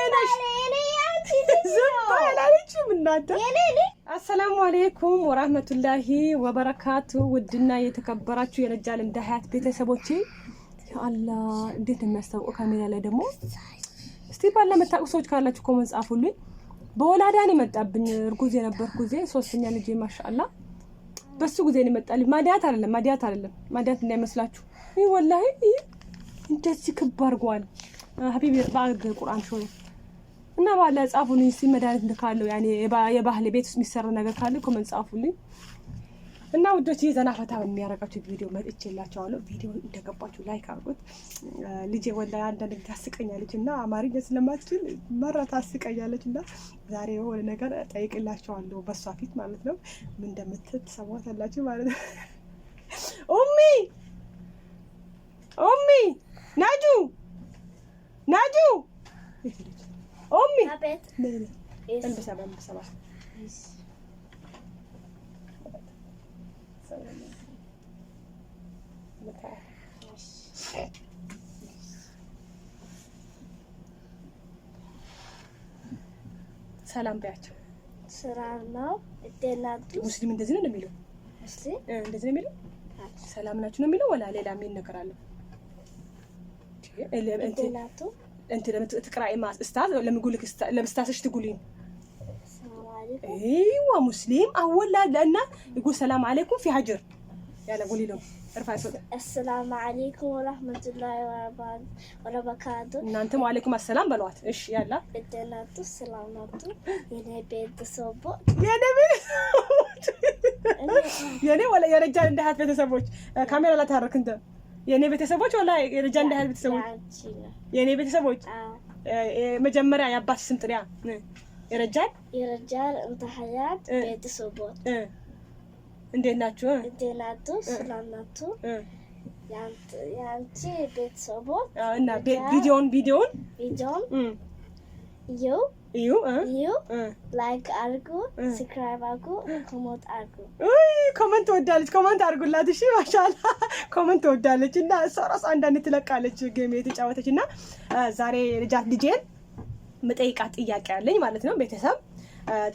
አይደለሽም እህቴ ነሽ። አሰላሙ አሌይኩም ወራህመቱላሂ ወበረካቱ። ውድና የተከበራችሁ የነጃል እንደ ሀያት ቤተሰቦቼ አላህ እንዴት የሚያስታውቀው ካሜራ ላይ ደግሞ እስቲ ባለ መታወቅ ሰዎች ካላችሁ ኮመን ጻፉልኝ። በወላዳ ነው የመጣብኝ። እርጉዝ የነበርኩ ጊዜ ሶስተኛ ልጄ ማሻአላ በሱ ጊዜ ነው ማዲያት አይደለም ማዲያት አይደለም ማዲያት እንዳይመስላችሁ። ይህ ወላሂ እንደዚህ ክብ አድርጓል። ሀቢብ በአግ ቁርአን ሾ እና ባለ ጻፉልኝ። እስኪ መድኃኒት ካለው ያኔ የባህል ቤት ውስጥ የሚሰራ ነገር ካለ ኮመንት ጻፉልኝ። እና ውዶች ዘና ፈታ በሚያደርጋችሁ ቪዲዮ መጥቼላችኋለሁ። ቪዲዮ እንደገባችሁ ላይክ አድርጉት። ልጄ ወላሂ አንዳንድ ጊዜ ታስቀኛለች እና አማርኛ ስለማትችል መራ ታስቀኛለች እና ዛሬ የሆነ ነገር ጠይቅላቸዋለሁ በሷ ፊት ማለት ነው። ምን እንደምትል ትሰማታላችሁ ማለት ነው። ኡሚ ኡሚ ናጁ it. No, no. Yes. Ambassador, ambassador. Yes. So, look at. ሰላም በያቸው። ስራ ነው እደላቱ ሙስሊም እንደዚህ ነው የሚለው እንደዚህ ነው የሚለው ሰላም ናችሁ ነው የሚለው ወላ ሌላ የሚል ነገር አለው። انت لما تقرأي مع استاذ لما يقول لك است... لما استاذ ايش تقولين؟ السلام عليكم ايوه مسلم اول لا لانه يقول سلام عليكم في هجر يلا قولي لهم ارفعي صوتك السلام عليكم ورحمة الله وبركاته እናንተም ዋለይኩም አሰላም በሏት እሺ ያላ يا نبي يا نبي يا نبي ቤተሰቦች የኔ يا የረጃ እንደሃት ቤተሰቦች كاميرا لا تحرك انت የእኔ ቤተሰቦች ወላ እንደ ያህል ቤተሰቦች የእኔ ቤተሰቦች መጀመሪያ የአባት ስም ጥሪያ የረጃል የረጃል ቤተሰቦች እንዴት ናችሁ? እንዴት ናችሁ? ሰላም ናችሁ? የአንቺ ቤተሰቦች እና ቪዲዮን ቪዲዮን ቪዲዮን ይኸው እዩ እዩ ላይክ አርጉ፣ ስክራይብ አርጉ፣ ኮመንት አርጉ። ኮመንት ወዳለች፣ ኮመንት አርጉላት። እሺ ማሻላ ኮመንት ወዳለች እና እሷ ራሱ አንዳንድ ትለቃለች ጌም የተጫወተች እና ዛሬ ልጃት ልጄን መጠይቃት ጥያቄ አለኝ ማለት ነው። ቤተሰብ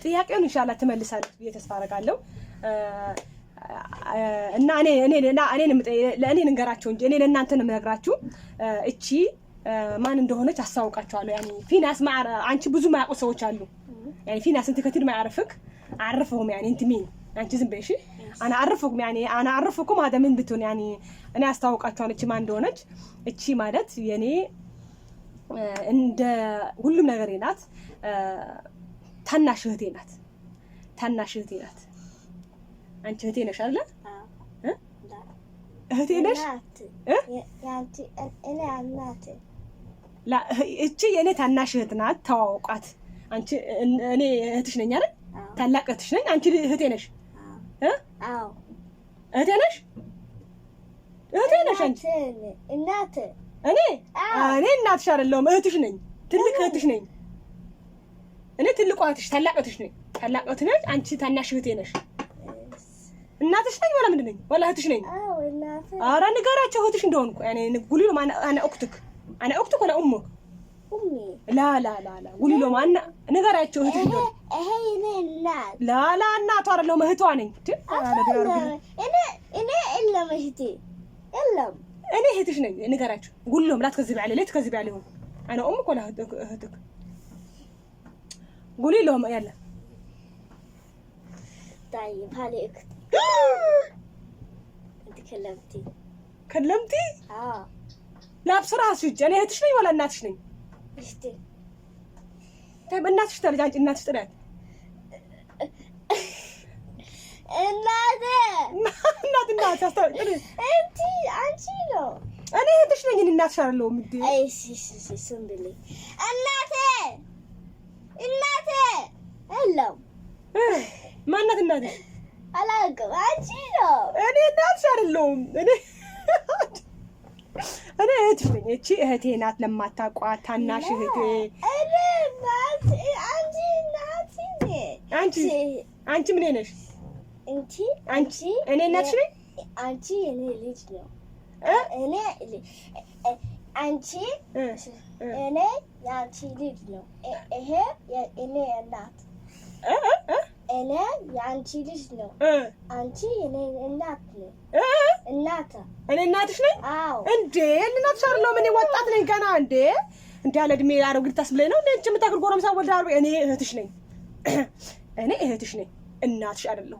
ጥያቄውን እንሻላ ትመልሳለች ብዬ ተስፋ አደርጋለሁ። እና እኔ እኔ እኔ ልንገራቸው እንጂ እኔ ለእናንተ ነው የምነግራችሁ እቺ ማን እንደሆነች አስታውቃቸዋለሁ። ያኔ ፊናስ ማዕረ አንቺ ብዙ ማያውቁ ሰዎች አሉ። ያኔ ፊናስ እንት ከቲድ ማያረፍክ አርፈውም ያኔ እንት ሚን አንቺ ዝም በይሽ አና አርፈኩም ያኔ አና ብትሆን ያኔ እኔ አስታውቃቸዋለሁ እቺ ማን እንደሆነች። እቺ ማለት የኔ እንደ ሁሉም ነገር ናት። ታናሽ እህቴ ናት። ታናሽ እህቴ ናት። አንቺ እህቴ ነሽ አይደለ? እህቴ ነሽ? እኔ እቺ የእኔ ታናሽ እህት ናት። ተዋውቋት። አንቺ እኔ እህትሽ ነኝ አይደል? ታላቅ እህትሽ ነኝ። አንቺ እህቴ ነሽ። እህቴ ነሽ። እህቴ ነሽ። አንቺ እኔ እኔ እናትሽ አይደለሁም። እህትሽ ነኝ። ትልቅ እህትሽ ነኝ። እኔ ትልቋ እህትሽ፣ ታላቅ እህትሽ ነኝ። ታላቅ እህት ነሽ። አንቺ ታናሽ እህቴ ነሽ። እናትሽ ነኝ ወላ ምንድን ነኝ? ወላ እህትሽ ነኝ። ኧረ ንገራቸው እህትሽ እንደሆንኩ ያኔ ጉሊሉ ማን انا اختك ولا امك؟ امي لا لا لا لا قولي لهم انا نقرأتشو إيه، اهتك دول هي إيه، إيه، النات لا لا النات ورا لهم اهتو عني انا انا الا مهتي الا انا اهتش نقرأتشو قول لهم لا تكذب علي ليه تكذب عليهم؟ انا امك ولا اهتك؟ قولي لهم يلا طيب هذه اختي انت كلمتي كلمتي؟ اه ላብስ ራሱ ሂጅ። እኔ እህትሽ ነኝ ወላ እናትሽ ነኝ? እሽቲ እናትሽ ተልጅ አንቺ እናትሽ ጥረት እናት እናት እናት እንቲ አንቺ ነው። እኔ እህትሽ ነኝ። እናትሽ አይደለሁም እንዴ? አይ ሲ ሲ ሲ ስም ብለኝ እናቴ እናቴ የለውም። ማናት እናትሽ? አላውቅም። አንቺ ነው። እኔ እናትሽ አይደለሁም እኔ እኔ እህትሽ ነኝ። እቺ እህቴ ናት፣ ለማታውቋት ታናሽ እህቴ። አንቺ አንቺ ምን ነሽ? አንቺ እኔ እናትሽ ነኝ። አንቺ እኔ ልጅ ነው። እኔ አንቺ እኔ የአንቺ ልጅ ነው። ይሄ እኔ እናት እኔ የአንቺ ልጅ ነው። አንቺ እኔ እናት ነው። እናት እኔ እናትሽ ነኝ እንዴ? እናትሽ አይደለሁም እኔ ወጣት ነኝ ገና። እንዴ እንዴ ያለ እድሜ አሮጊት ታስብለኝ ነው እንዴ? የምታክል ጎረምሳ ወልዳሉ። እኔ እህትሽ ነኝ፣ እኔ እህትሽ ነኝ፣ እናትሽ አይደለሁ።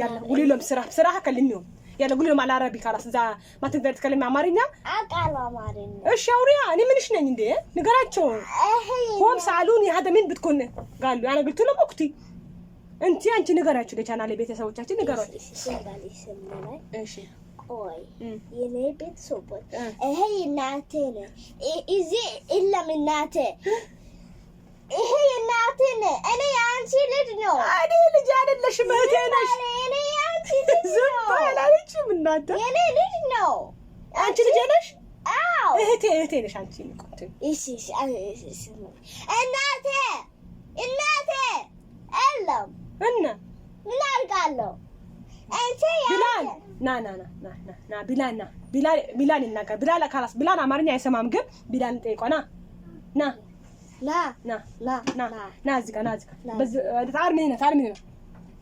ያለ ጉሊሎም ስራ ስራ ከልሚው ያለ ጉሊሎም አላረቢ ካላስ እዛ ማትንደር ትከለም አማርኛ አቃሉ አማርኛ። እሺ አውሪያ እኔ ምንሽ ነኝ እንዴ? ንገራቸው። ሆም ሳሉን ያደ ምን ብትኮን ጋሉ ያለ ግልቱ ለሞክቲ እንቲ አንቺ ንገራቸው። ለቻናሌ ቤተሰቦቻችን ንገራቸው። እሺ ቆይ የኔ ቤተሰቦች ይሄ እናቴ ነው። እዚህ የለም እናቴ፣ ይሄ እናቴ ነው። እኔ የአንቺ ልጅ ነው። እኔ ልጅ አይደለሽም፣ እህቴ ነሽ። እኔ የአንቺ ልጅ ነው። አላለችም እናንተ። የኔ ልጅ ነው። አንቺ ልጅ ነሽ። እህቴ፣ እህቴ ነሽ አንቺ። እናቴ፣ እናቴ የለም እና ምን አድርጋለሁ አንቺ ያ ና ና ና ና ና ቢላል ና ቢላል ቢላል ይናገር ቢላል ካላስ ቢላል አማርኛ አይሰማም፣ ግን ቢላል ጠይቆ ና ና ላ ና ላ ና ና እዚህ ጋር ና እዚህ ጋር በዚህ ታር ነው ታር ነው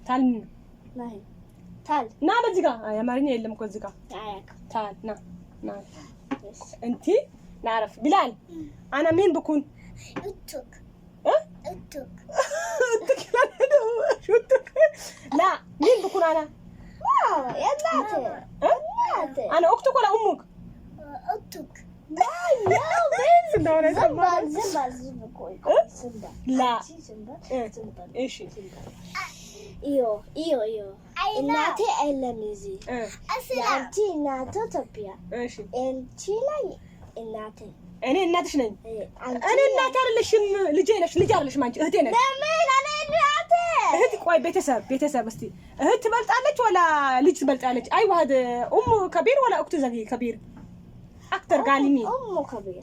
ታል ነው ታል ና በዚህ ጋር አማርኛ የለም እኮ እዚህ ጋር ታል ና ና እንቲ ናረፍ ቢላል አና ምን ብኩን እቱክ እቱክ እቱክ ላ ምን ብኩን አና أنا أختك ولا أمك؟ እናቴ የለም እዚህ። የአንቺ እናት ኢትዮጵያ። አንቺ ላይ እናቴ እኔ እናትሽ ነኝ። እኔ እናቴ አይደለሽም፣ ልጄ ነሽ። ልጄ አይደለሽም አንቺ እህቴ ነሽ። እህት ቆይ ቤተሰብ ቤተሰብ እስቲ እህት ትበልጣለች ወላ ልጅ ትበልጣለች? አይ ዋህድ ኡሙ ከቢር ወላ እክቱ ዘጊ ከቢር አክተር ጋሊሚ ኡሙ ከቢር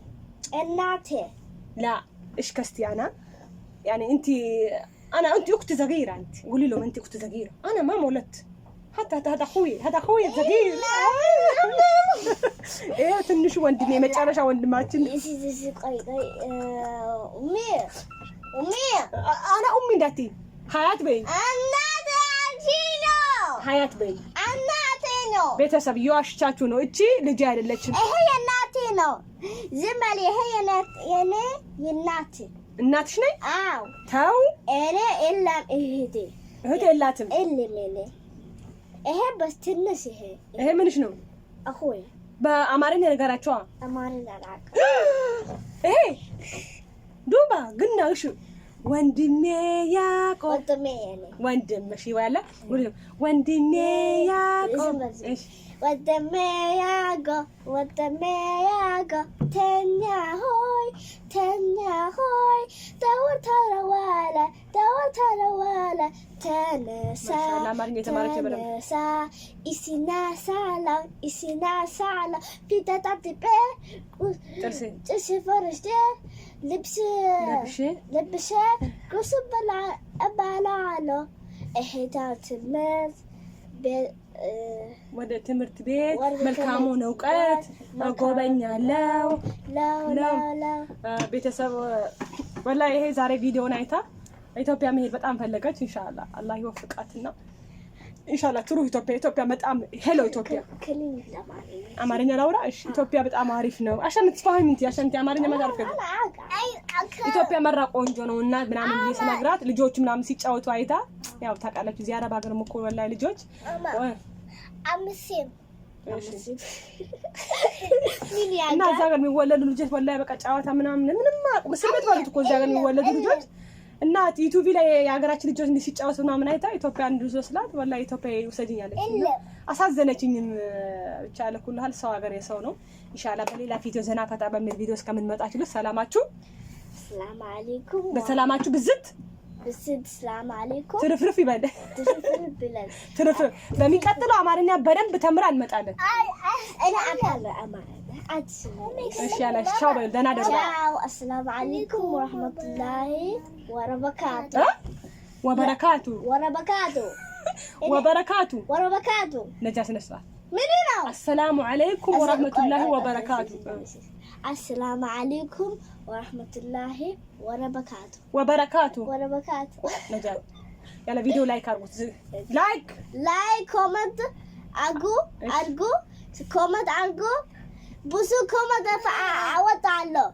እናቴ ላ እሽ ከስቲ አና يعني انت انا انت اخت صغيره انت قولي لهم انت اخت صغيره انا ما مولدت حتى هذا اخوي هذا اخوي الصغير ايه ትንሹ ወንድሜ መጨረሻ ወንድማችን ቆይ ቆይ ኡሚ ኡሚ አና ኡሚ እንዳትዪ ሀያት በይ ሀያት በይ ነው ቤተሰብ እየዋሸቻችሁ ነው። እቺ ልጅ አይደለችም። ይሄ የእናቴ ነው። ዝም በል። ይሄ እናትሽ ነኝ። አዎ ተው። እኔ የለም እህቴ እህቴ የላትም። ይሄ በትንሽ ይሄ ይሄ ምንሽ ነው? አሁን በአማርኛ ነገራቸዋ አማርኛ ይሄ ዱባ ግን ወንድሜ ያቆብ ወንድምሽ ይባላል። ወንድሜ ያቆብ What the may I go, with the may I go, ten ya hoy, ten ya hoy, dawatara wala, dawatara wala, tenesa, tenesa, isinasalang, isinasalang, pitatatipe, تسي فرشتي لبسي لبشي لبشي قصب بالعلو ወደ ትምህርት ቤት መልካሙን እውቀት ጎበኛለው። ቤተሰብ ወላሂ ይሄ ዛሬ ቪዲዮን አይታ ኢትዮጵያ መሄድ በጣም ፈለገች። ኢንሻላ አላህ ይወፍቃትና ኢንሻላ ትሩ ኢትዮጵያ ኢትዮጵያ በጣም ሄሎ ኢትዮጵያ አማርኛ ላውራ። እሺ ኢትዮጵያ በጣም አሪፍ ነው። አሸን ትፋህም እንት አማርኛ ማታርፈ ኢትዮጵያ መራ ቆንጆ ነው እና ምናምን ስነግራት ልጆቹ ምናምን ሲጫወቱ አይታ ያው ታውቃላችሁ እዚህ አረብ ሀገር እኮ ወላሂ ልጆች እና እዛ ጋር የሚወለዱ ልጆች ወላሂ በቃ ጨዋታ ምናምን ምንም አያውቁም። ስሜት ባሉት እኮ እዛ ጋር የሚወለዱ ልጆች እና ዩቲዩብ ላይ የሀገራችን ልጆች እንዲህ ሲጫወቱ ምናምን አይታ ኢትዮጵያ አንዱ ልጆ ስላት ወላሂ ኢትዮጵያ ውሰድኝ አለችኝ። አሳዘነችኝም። ብቻ ለኩል ሰው ሀገር የሰው ነው። ኢንሻላህ በሌላ ቪዲዮ ዘና ፈታ በሚል ቪዲዮ እስከምንመጣ ሰላማችሁ፣ በሰላማችሁ ብዝት በስድ ሰላም አለይኩም ትርፍርፍ ይበል። ትርፍርፍ ይበል። ትርፍርፍ በሚቀጥለው አማርኛ በደንብ ተምራ እንመጣለን። እኔ አውቃለሁ አማርኛ። እሺ ያለሽ ቻው በል። ደህና ደሩ። ቻው። አሰላሙ አለይኩም ወራህመቱላሂ ወበረካቱ ወበረካቱ ወበረካቱ ወበረካቱ ወበረካቱ ነጃ ስነ ስርዓት السلام عليكم ورحمة الله وبركاته السلام عليكم ورحمة الله وبركاته وبركاته وبركاته نجاة يلا فيديو لايك أرجو لايك لايك كومنت أرجو أرجو كومنت أرجو بوسو كومنت آه. أود الله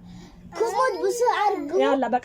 كومنت بوسو أرجو يلا بقى